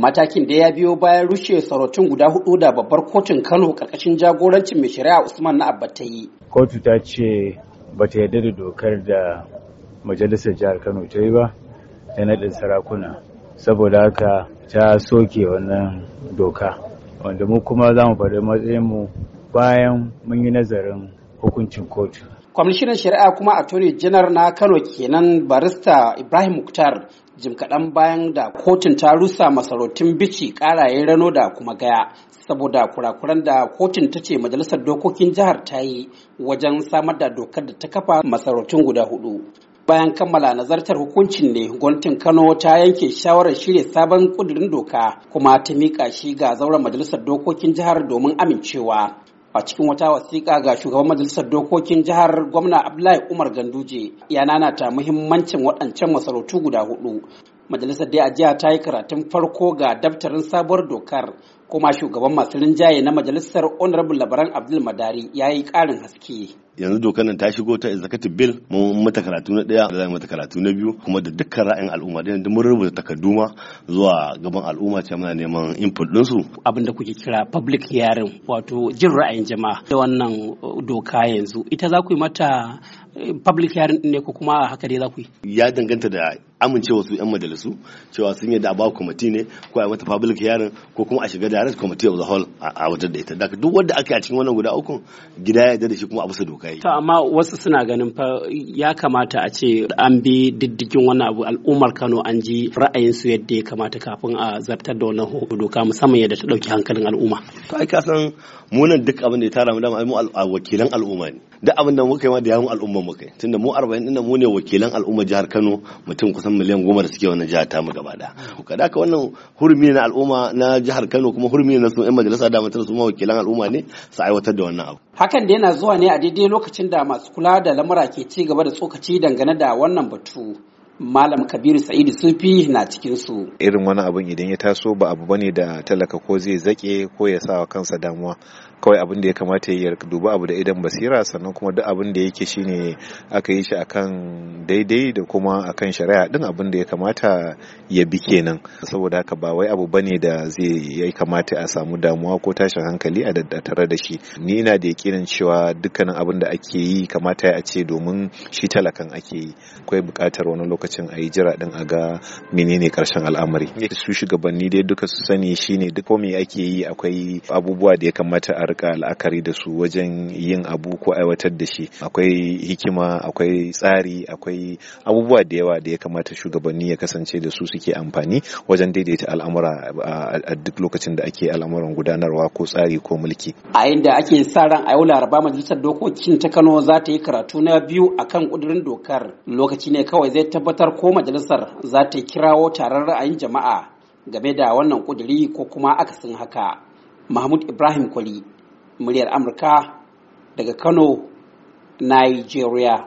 matakin da ya biyo bayan rushe sarautun guda hudu da babbar kotun kano karkashin jagorancin mai shari'a usman na abba ta yi kotu ta ce ba ta yarda da dokar da majalisar jihar kano ta yi ba ta naɗin sarakuna saboda haka ta soke wannan doka wanda mu kuma za mu faɗi matsayinmu bayan mun yi nazarin hukuncin kotu kwamishinan shari'a kuma a attorney janar na kano kenan barista ibrahim muktar jim kaɗan bayan da kotun ta rusa masarautun bici ƙaraye rano da kuma gaya saboda kurakuran da kotun ta ce majalisar dokokin jihar ta yi wajen samar da dokar da ta kafa masarautun guda hudu bayan kammala nazartar hukuncin ne gwamnatin kano ta yanke shawarar shirya sabon kudirin doka kuma ta miƙa shi ga zauren majalisar dokokin jihar domin amincewa a cikin wata wasiƙa ga shugaban majalisar dokokin jihar gwamna abdullahi umar ganduje ya nanata muhimmancin waɗancan masarautu guda hudu majalisar dai a jiya ta yi karatun farko ga daftarin sabuwar dokar kuma shugaban masu rinjaye na majalisar honorable labaran abdul madari ya yi karin haske yanzu dokar nan ta shigo ta executive bill mun mata karatu na daya da mata karatu na biyu kuma da dukkan ra'ayin al'umma da mun rubuta takardu ma zuwa gaban al'umma ce muna neman input ɗinsu. abin da kuke kira public hearing wato jin ra'ayin jama'a da wannan uh, doka yanzu ita za ku yi mata uh, public hearing ne ko kuma haka dai za ku yi ya danganta da amincewa su yan majalisu cewa sun yi da ba kwamiti ne ko a mata public hearing ko kuma a shiga direct committee of the hall a wajen da ita da duk wanda ake a cikin wannan guda uku gida ya yarda da shi kuma a bisa doka yi to amma wasu suna ganin fa ya kamata a ce an bi diddigin wannan abu al'ummar Kano an ji ra'ayin su yadda ya kamata kafin a zartar da wannan doka musamman yadda ta dauki hankalin al'umma to ai ka san munan duk abin da ya tara mu dama mu wakilan al'umma ne da abin da muka yi ma da yawun al'umma muka yi tunda mu 40 din mu ne wakilan al'umma jihar Kano mutum kusan miliyan goma da suke wannan jihar ta mu gaba da kada ka wannan hurmi na al'umma na jihar Kano kuma hurmi na su ƴan majalisa da mutum su ma wakilan al'umma ne su aiwatar da wannan abu hakan da yana zuwa ne a daidai lokacin da masu kula da lamura ke ci gaba da tsokaci dangane da wannan batu malam kabiru sa'idu sufi na cikin su irin wani abun idan ya taso ba abu bane da talaka ko zai zake ko ya sa kansa damuwa kawai abin da ya kamata ya duba abu da idan basira sannan kuma duk abin da yake shine aka yi shi akan daidai da kuma akan shari'a din abin da ya kamata ya bi kenan saboda haka ba wai abu bane da zai ya kamata a samu damuwa ko tashin hankali a tattare da shi ni ina da yakinin cewa dukkanin abin da ake yi kamata ya ce domin shi talakan ake yi akwai buƙatar wani lokaci lokacin a yi jira din a ga menene karshen al'amari su shugabanni dai duka su sani shine duk me ake yi akwai abubuwa da ya kamata a rika la'akari da su wajen yin abu ko aiwatar da shi akwai hikima akwai tsari akwai abubuwa da yawa da ya kamata shugabanni ya kasance da su suke amfani wajen daidaita al'amura a duk lokacin da ake al'amuran gudanarwa ko tsari ko mulki a inda ake sa ran a yau laraba majalisar dokokin ta kano za ta yi karatu na biyu akan kudurin dokar lokaci ne kawai zai tabbatar tabbatar ko majalisar za ta kirawo taron ra'ayin jama'a game da wannan kuduri ko kuma akasin haka mahmud ibrahim kwali muryar amurka daga kano nigeria